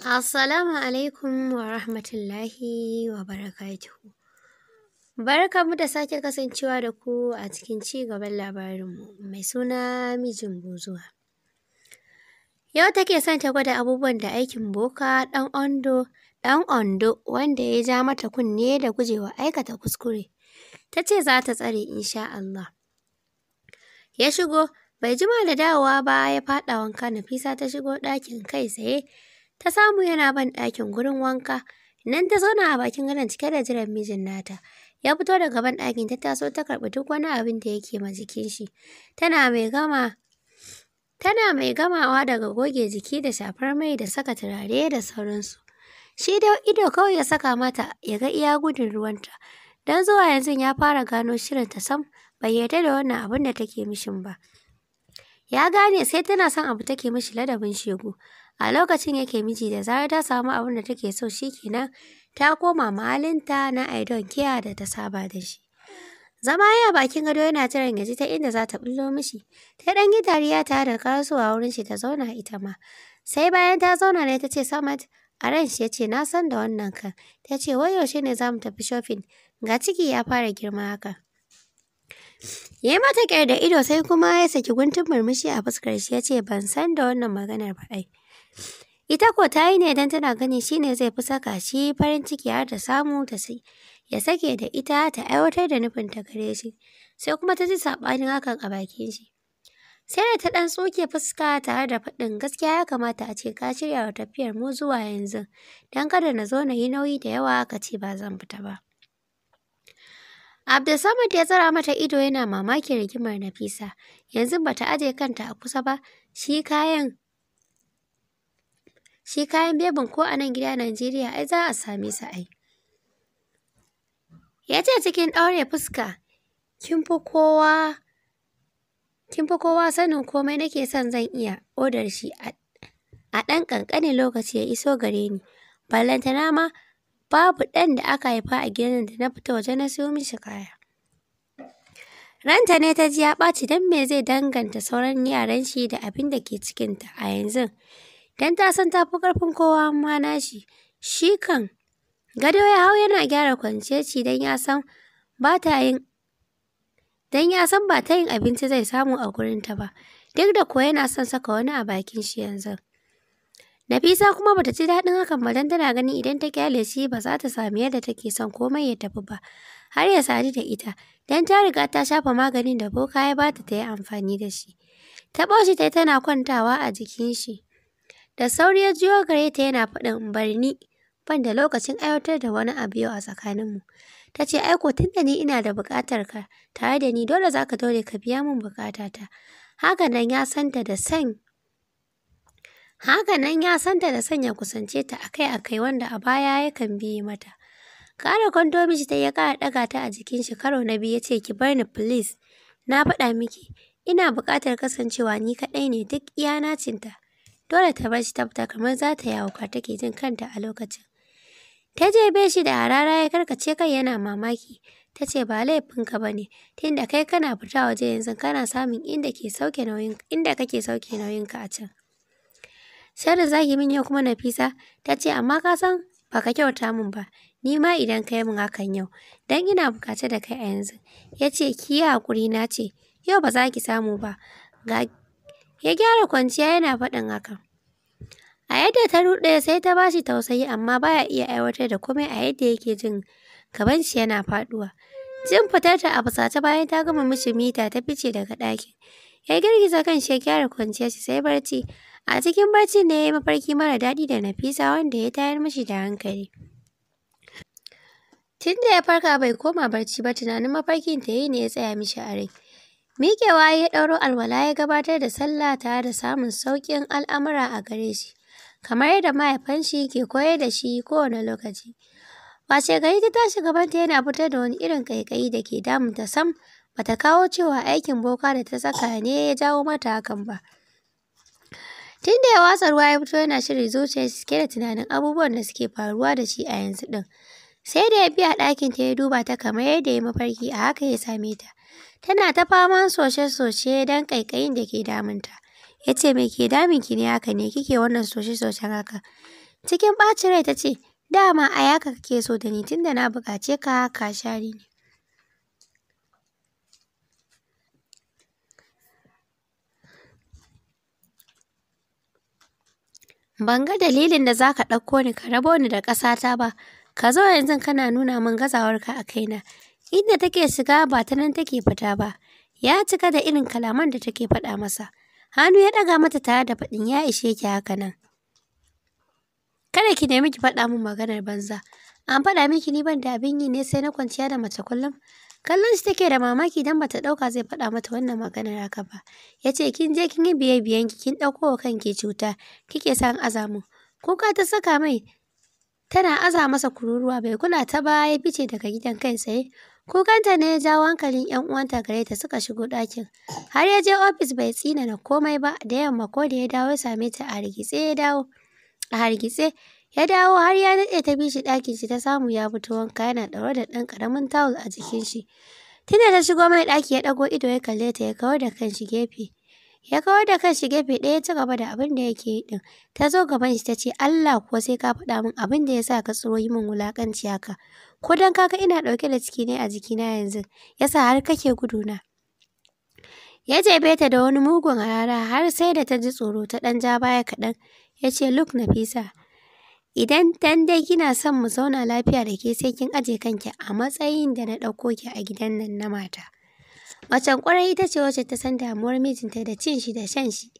Assalamu alaikum wa rahmatullahi wa barakatuhu. mu da sake kasancewa da ku a cikin ci gaban labarinmu mai suna mijin bozuwa. Yau take son ta gwada abubuwan da aikin boka ɗan ondo ɗan ondo wanda ya ja mata kunne da gujewa aikata kuskure. Ta ce za ta tsare insha Allah. Ya shigo, bai jima da dawowa ba ya faɗa wanka Nafisa ta shigo ɗakin kai tsaye ta samu yana ban ɗakin gurin wanka. Nan ta zauna a bakin gadon cike da jiran mijin nata. Ya fito daga ban ɗakin ta taso ta karɓi duk wani abin da yake ma jikin shi. Tana mai gama Tana mai gamawa daga goge jiki da shafar mai da saka turare da sauransu. Shi da ido kawai ya saka mata ya ga iya gudun ruwanta. Don zuwa yanzu ya fara gano shirin ta sam bai yarda da wannan abin da take mishin ba. Ya gane sai tana son abu take mishi ladabin shegu. A lokacin yake miji da zarar ta samu abin da take so shi kenan ta koma mahalinta na I don care da ta saba da shi. Zama ya bakin gado yana jiran yaji ta inda za ta bullo mishi. Ta dan yi dariya ta da kasuwa wurin shi ta zauna ita ma. Sai bayan ta zauna ne ta ce Samad a ran shi ya ce na san da wannan kan. Ta ce wai yaushe ne za mu tafi shopping ga ciki ya fara girma haka. Ya yi mata ƙyar da ido sai kuma ya saki guntun murmushi a fuskar shi ya ce ban san da wannan maganar ba ai. Ita ko ta yi ne idan tana gani shi ne zai fi saka shi farin ciki har da samu ta sai. Ya sake da ita ta aiwatar da nufin ta gare shi. Sai kuma ta ji saɓanin hakan a bakin shi. Sai da ta ɗan tsoke fuska tare da faɗin gaskiya ya kamata a ce ka shirya wa tafiyar mu zuwa yanzu. Don kada na zo na yi nauyi da yawa ka ce ba zan fita ba. Abdulsamad ya tsara mata ido yana mamakin rigimar Nafisa. Yanzu bata aje kanta a kusa ba, shi kayan shi kayan bebin ko a nan gida Najeriya ai za a same sa ai. Ya ce cikin ɗaure fuska, kin fi kowa kin fi kowa sanin komai nake son zan iya odar shi a ɗan ƙanƙanin lokaci ya iso gare ni. Ballantana ma babu ɗan da aka haifa a gidan da na fita waje na siyo mishi kaya. Ranta ne ta ji ya ɓaci don me zai danganta sauran yaran shi da abin da ke cikinta a yanzu. Don ta san ta ƙarfin kowa ma nashi. Shi kan gado ya hau yana gyara kwanciyarci don ya san ba ta yin don ya san ba ta yin abinci zai samu a gurinta ba. Duk da kuwa yana son saka wani a bakin shi yanzu. Nafisa kuma bata ci daɗin hakan ba don tana ganin idan ta kyale shi ba za ta sami yadda take son komai ya tafi ba. Har ya sadu da ita, don ta riga ta shafa maganin da boka ya bata ta yi amfani da shi. Ta shi ta tana kwantawa a jikin shi. Da sauri ya jiyo gare ta yana faɗin ni. ban da lokacin aiwatar da wani abu yau a tsakaninmu. Ta ce aiko tun da ni ina da buƙatar ka tare da ni dole za ka dole ka biya min buƙatata. Haka nan ya santa da san Hakanan ya santa da sanya kusance ta akai-akai wanda a baya yakan biye mata. Kara kwandomiji ta ya kara ɗaga ta a jikin shi karo na biyu ya ce ki bar ni please. Na faɗa miki, ina buƙatar kasancewa ni kaɗai ne duk iya nacinta. Dole ta bar shi ta fita kamar za ta yawuka take jin kanta a lokacin. Ta be shi da harara ya karkace kai yana mamaki. Ta ce ba laifinka ba ne, tunda kai kana fita waje yanzu kana samun inda ke sauke nauyin inda kake sauke nauyinka a can. Sharar zaki min yau kuma Nafisa ta ce amma ka san ba ka kyauta min ba. Ni ma idan kai yi min hakan yau, dan ina bukace da kai a yanzu. Ya ce ki yi haƙuri na ce, yau ba za ki samu ba. Ga ya gyara kwanciya yana faɗin haka A yadda ta ruɗe sai ta bashi tausayi amma baya iya aiwatar da komai a yadda yake jin gaban shi yana faduwa Jin fitar ta a fusace bayan ta gama mishi mita ta fice daga ɗakin. Ya girgiza kanshi ya gyara shi sai barci. A cikin barci ne ya yi mafarki mara daɗi da Nafisa wanda ya tayar mashi da hankali. Tun da ya farka bai koma barci ba tunanin mafarkin ta yi ne ya tsaya mishi a rai. Miƙewa ya ɗauro alwala ya gabatar da sallah tare da samun sauƙin al'amura a gare shi, kamar yadda mahaifan shi ke koyar da shi kowane lokaci. Washe gari ta tashi gabanta yana fitar da wani irin ƙaiƙayi da ke damunta sam Bata kawo cewa aikin boka da ta saka ne ya jawo mata hakan ba. Tun da ya watsa ruwa ya fito yana shirin zuciya cike da tunanin abubuwan da suke faruwa da shi a yanzu ɗin. Sai da ya biya ɗakin ta ya duba ta kamar yadda ya mafarki a haka ya same ta. Tana ta faman soshe-soshe don ƙaiƙayin da ke damunta. Ya ce me ke ki ne haka ne kike wannan soshe-soshen haka. Cikin ɓacin rai ta ce dama a yaka kake so da ni tun da na buƙace ka ka share ni. Ban ga dalilin da za ka ɗauko ni ka rabo ni da ƙasata ba, ka zo yanzu kana nuna min gazawarka a kaina, inda take shiga ba ta nan take fita ba, ya cika da irin kalaman da take faɗa masa. Hannu ya ɗaga mata tare da faɗin ya ishe ki haka nan. Kada ki nemi ki faɗa min maganar banza, an faɗa miki ni ban da abin yi ne sai na kwanciya da mace kullum, Kallon shi take da mamaki dan bata ɗauka zai faɗa mata wannan magana haka ba. yace kin je kin yi biye ki kin ɗauko wa kanki cuta kike san azamu. Kuka ta saka mai tana aza masa kururuwa bai kula ta ba ya fice daga gidan kai ko Kukanta ne ya jawo hankalin 'yan uwanta gare ta suka shigo dakin Har ya je ofis bai tsina na komai ba da yamma ko da ya dawo ya same ta a rigitse ya dawo. A hargitse Ya dawo har ya daɗe ta bi shi ɗakin shi ta samu ya fito wanka yana ɗaure da ɗan ƙaramin tawul a jikin shi. Tunda ta shigo mai ɗaki ya ɗago ido ya kalle ta ya kawar da kan shi gefe. Ya kawar da kan shi gefe ɗaya ya ci gaba da abin da yake yi din. Ta zo gaban shi ta ce Allah kuwa sai ka faɗa min abin da ya sa ka tsoro yi min wulaƙanci haka. Ko don kaka ina ɗauke da ciki ne a jikina yanzu ya sa har kake guduna. Ya jebe ta da wani mugun harara har sai da ta ji tsoro ta ɗan ja baya kaɗan. Ya ce, Look Nafisa, Idan dan dai kina son mu zauna lafiya da ke sai kin aje kanki a matsayin da na ɗauko ki a gidan nan na mata. Macen ƙwarai ita ce wacce ta san damuwar mijinta da cin shi da shan shi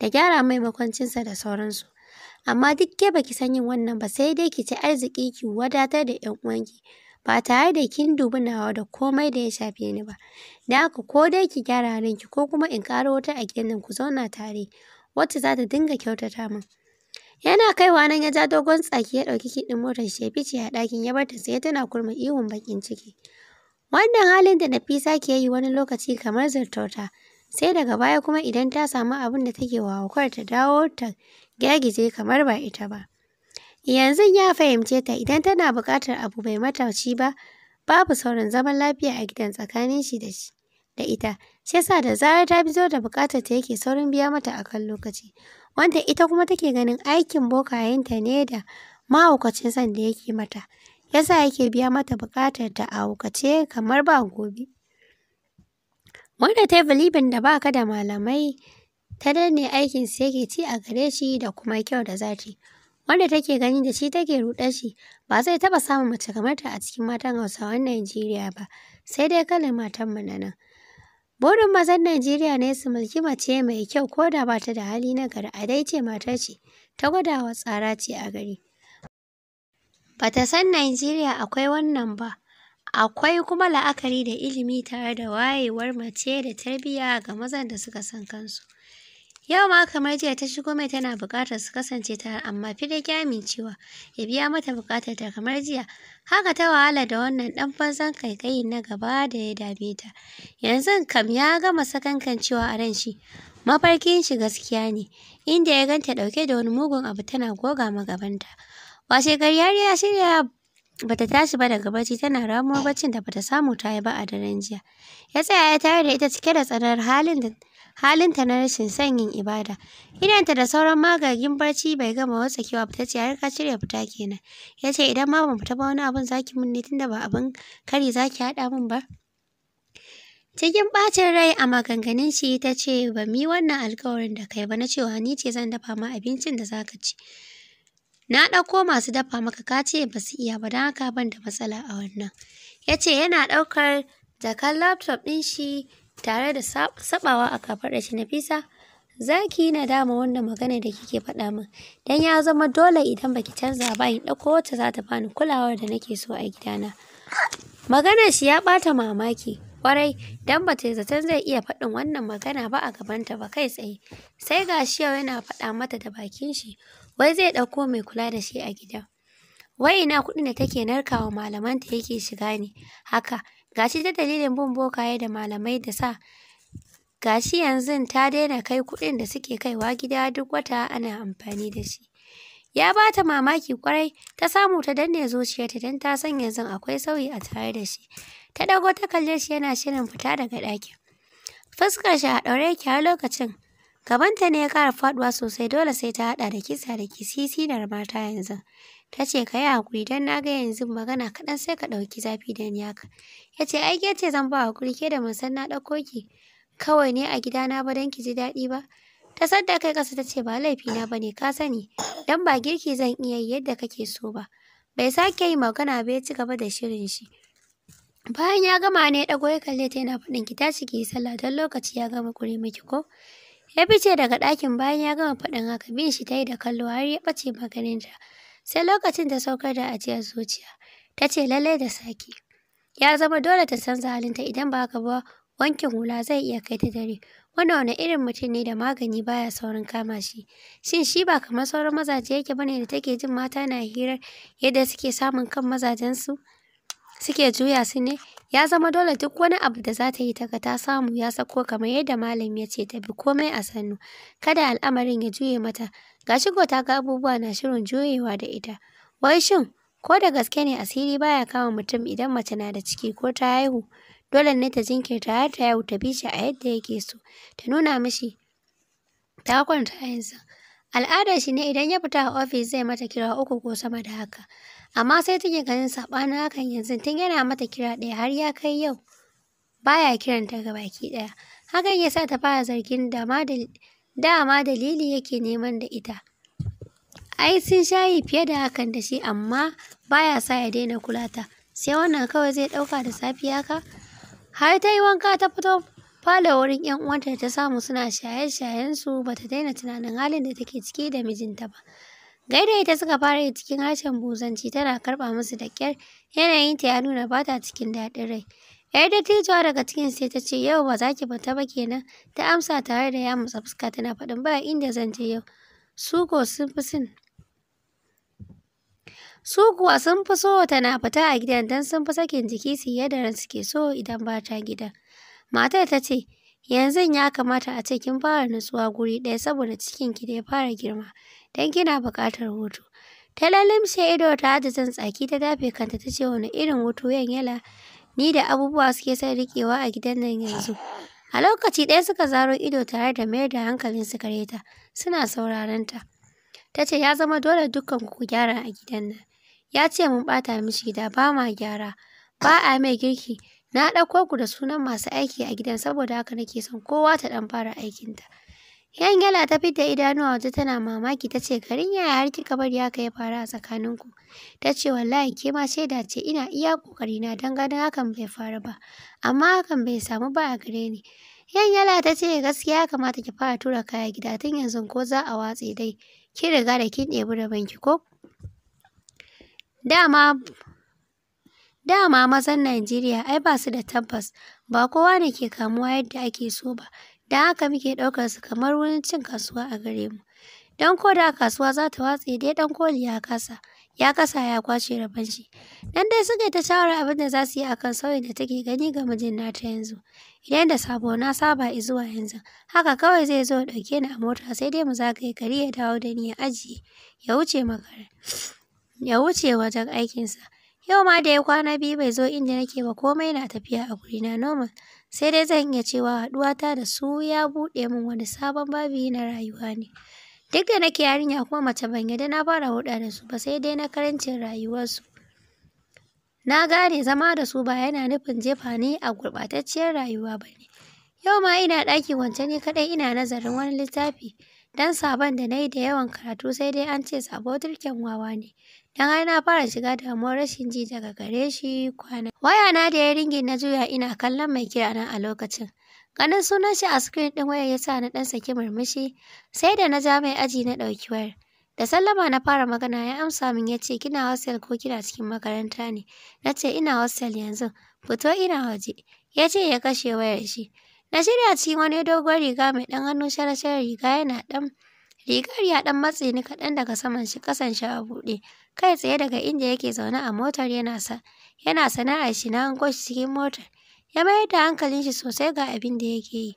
da gyara mai makwancinsa da sauransu. Amma duk ke baki san yin wannan ba sai dai ki ci arziki ki wadatar da ƴan uwanki ba tare da kin dubi nawa da komai da ya shafe ni ba. Da haka ko dai ki gyara rinki, ko kuma in ƙaro wata a gidan nan ku zauna tare wacce za ta dinga kyautata min. Yana kaiwa nan ya ja dogon tsaki ya ɗauki kiɗin motar shi ya fice a ɗakin ya bar ta sai tana kurma ihun bakin ciki. Wannan halin da Nafisa ke yi wani lokaci kamar zartauta, sai daga baya kuma idan ta samu abin da take wawakwar ta dawo ta gyagije kamar ba ita ba. Yanzu ya fahimce ta idan tana buƙatar abu bai mata ba, babu sauran zaman lafiya a gidan tsakanin shi da shi. Da ita, shi yasa da zarar ta zo da buƙatar ta yake saurin biya mata akan lokaci. wanda ita kuma take ganin aikin bokayenta ne da mahaukacin sanda da yake mata yasa yake biya mata bukatar ta a hukace kamar ba gobe wanda ta yi da baka da malamai ta danne aikin su yake ci a gare shi da kuma kyau da zati wanda take gani da shi take ruɗa shi ba zai taɓa samun mace kamar ta a cikin matan hausawan najeriya ba sai dai kalar matan mu na nan Burin mazan Najeriya ne su mulki mace mai kyau ko da ba ta da hali na gari a dai ce mata ce ta gwadawa tsara ce a gari. Ba ta san Najeriya akwai wannan ba, akwai kuma la'akari da ilimi tare da wayewar mace da tarbiyya ga mazan da suka san kansu. Yau ma kamar jiya ta shigo mai tana buƙatar su kasance ta amma Fide ya amincewa ya biya mata buƙatar ta kamar jiya. Haka ta wahala da wannan ɗan fanzan kaikayi na gaba da ya dame ta. Yanzu kam ya gama cewa a ran shi. Mafarkin shi gaskiya ne, inda ya ganta ɗauke da wani mugun abu tana goga ma gabanta. Washe gari har ya shirya bata tashi ba daga barci tana ramuwa barcin da bata samu ta yi ba a daren jiya. Ya tsaya ya tare da ita cike da tsanar halin da halinta na rashin sanyin ibada. Idanta da sauran magagin barci bai gama wasa ba ta ce har ka cire fita kenan. Ya ce idan ma ban fita ba wani abun zaki mun ne tunda ba abin kari zaki haɗa mun ba. Cikin ɓacin rai a maganganun shi ta ce ba mi wannan alkawarin da kai ba na cewa ni ce zan dafa ma abincin da zaka ci. Na ɗauko masu dafa maka ka ce ba su iya ba don haka ban da matsala a wannan. Ya ce yana ɗaukar jakar laptop ɗin shi tare da sabawa a kafar da shi Nafisa zaki ki yi nadama wannan magana da kike faɗa min dan ya zama dole idan baki canza ba in ɗauko wacce za ta bani kulawar da nake so a gidana maganar shi ya ɓata mamaki kwarai dan bata yi zaton zai iya faɗin wannan magana ba a gabanta ba kai tsaye sai ga yau yana faɗa mata da bakin shi wai zai ɗauko mai kula da shi a gida wai ina kuɗin da take narkawa malamanta yake shiga ne haka gashi ta dalilin bin bokaye da malamai da sa gashi yanzu ta daina kai kuɗin da suke kaiwa gida duk wata ana amfani da shi ya ba ta mamaki kwarai ta samu ta danne zuciyarta don ta san yanzu akwai sauyi a tare da shi ta ɗago ta kalle shi yana shirin fita daga ɗakin fuskar shi a ɗaure yake har lokacin gabanta ne ya kara faɗuwa sosai dole sai ta haɗa da kisa da kisisinar mata yanzu Ta ce ka yi haƙuri don na ga yanzu magana kaɗan sai ka ɗauki zafi da ni haka. Ya ce ai ce zan ba haƙuri ke da mun san na ɗauko ki kawai ne a gidana ba don ki ji daɗi ba. Ta da kai ƙasa ta ce ba na ba ne ka sani don ba girki zan iya yi yadda kake so ba. Bai sake yi magana ba ya ci gaba da shirin shi. Bayan ya gama ne ɗago ya kalle ta yana faɗin ki tashi ki yi sallah don lokaci ya gama kure miki ko. Ya fice daga ɗakin bayan ya gama faɗin haka bin shi ta yi da kallo har ya ɓace maganinta. sai lokacin ta saukar da ajiyar zuciya ta ce lallai da sake ya zama dole ta canza halinta idan ba haka ba wankin hula zai iya kai ta dare wanda wani irin mutum ne da magani baya saurin kama shi shin shi ba kamar sauran mazaje yake bane da take jin mata na hirar yadda suke samun kan mazajensu suke juya su ne ya zama dole duk wani abu da za ta yi taga ta samu ya sako kamar yadda malam ya ce ta bi komai a sannu kada al'amarin ya juye mata Ga shi ko ta ga abubuwa na shirin juyewa da ita. Wai shin ko da gaske ne asiri baya kama mutum idan mace na da ciki ko ta haihu? Dole ne ta jinkirta har ta haihu ta bi shi a yadda yake so. Ta nuna mishi ta kwanta yanzu. Al'adar shi ne idan ya fita a ofis zai mata kira uku ko sama da haka. Amma sai take ganin saɓanin hakan yanzu tun yana mata kira ɗaya har ya kai yau. Baya kiranta ga baki ɗaya. Hakan ya sa ta fara zargin da ma da dama dalili yake neman da ita ai sun shayi fiye da hakan da shi amma baya sa ya daina kula ta sai wannan kawai zai ɗauka da safiya ka har ta yi wanka ta fito falo wurin yan uwanta da ta samu suna shaye-shayen su bata daina tunanin halin da take ciki da mijinta ba gaida ita suka fara yi cikin harshen buzanci tana karɓa musu da yanayin yanayinta ya nuna bata cikin daɗin rai Yar dattijuwa daga cikin sai ta ce yau ba za ki fita ba kenan. Ta amsa tare da ya mutsa fuska tana faɗin ba inda zan je yau. Su ko sun fi sin. Su kuwa sun fi so tana fita a gidan don sun fi sakin jiki su yi da ran suke so idan ba ta gidan. Matar ta ce yanzu ya kamata a ce kin fara nutsuwa guri ɗaya saboda cikin ki da ya fara girma don kina buƙatar hutu. Ta lalimshe ido ta da zan tsaki ta dafe kanta ta ce wani irin hutu yan yala ni da abubuwa suke son rikewa a gidan nan yanzu. A lokaci ɗaya suka zaro ido tare da mayar da hankalin su gare ta, suna sauraron ta. Ta ce ya zama dole dukkan ku gyara a gidan nan. Ya ce mun ɓata mishi gida ba ma gyara, ba a mai girki. Na ɗauko ku da sunan masu aiki a gidan saboda haka nake son kowa ta ɗan fara aikinta. yan yala ta idanu idanuwa waje tana mamaki ta ce garin yaya har kika bari haka ya fara a tsakaninku. Ta ce wallahi ke ma shaida ce ina iya kokari na dan ganin hakan bai faru ba, amma hakan bai samu ba a gare ni. Yangela ta ce gaskiya ya kamata ki fara tura kaya gida tun yanzu ko za a watse dai, ki riga da kin ɗebi ki ko? Dama Dama mazan Najeriya ai ba su da tabbas, ba kowa ne ke kamuwa yadda ake so ba, da haka muke ɗaukar su kamar wurin cin kasuwa a gare mu. Don ko da kasuwa za ta watse dai ɗan koli ya kasa, ya kasa ya kwace rabon shi. Nan dai suka ta shawarar abin da za su yi akan sauyin da take gani ga mijin na ta yanzu. Idan da sabo na saba zuwa yanzu, haka kawai zai zo ɗauke ni a mota sai dai mu zagaye gari ya dawo da ni ya ajiye, ya wuce makara, ya wuce wajen aikinsa. Yau ma da ya kwana biyu bai zo inda nake ba komai na tafiya a gurina Noma Sai dai zan iya cewa haɗuwata da su ya buɗe min wani sabon babi na rayuwa ne. Duk da nake yarinya kuma mace ban yadda na fara hulɗa da su ba sai dai na karancin rayuwarsu. Na gane zama da su ba yana nufin jefa ni a gurɓatacciyar rayuwa ba ne. Yau ma ina ɗaki kwance ni kaɗai ina nazarin wani littafi. Dan sabon da na yi da yawan karatu sai dai an ce sabo turken wawa ne. Dan har na fara shiga damuwar rashin ji daga gare shi kwana. Waya na da ya na juya ina kallon mai kira na a lokacin. Ganin sunan shi a screen din wayar ya sa na dan saki murmushi sai da na ja mai aji na ɗauki wayar. Da sallama na fara magana ya amsa min ya ce kina hostel ko kina cikin makaranta ne. Na ce ina hostel yanzu, fito ina waje. Ya ce ya kashe wayar shi. Na shirya cikin wani dogon riga mai ɗan hannu shara-shara riga yana ɗan rigar ya ɗan matse ni kaɗan daga saman shi kasan shi a buɗe. Kai tsaye daga inda yake zaune a motar yana sa yana sana'ar shi na hango shi cikin motar. Ya mayar da hankalin shi sosai ga abin da yake yi.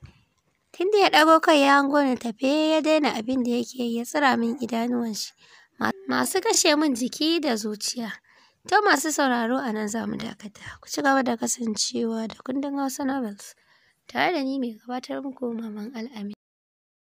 Tunda ya ɗago kai ya hango ni tafe ya daina abin da yake yi ya tsira min idanuwan shi. Masu kashe min jiki da zuciya. To masu sauraro a nan za mu dakata. Ku ci gaba da kasancewa da kundin Hausa Novels. tare da ni mai gabatar muku Maman Al'amin.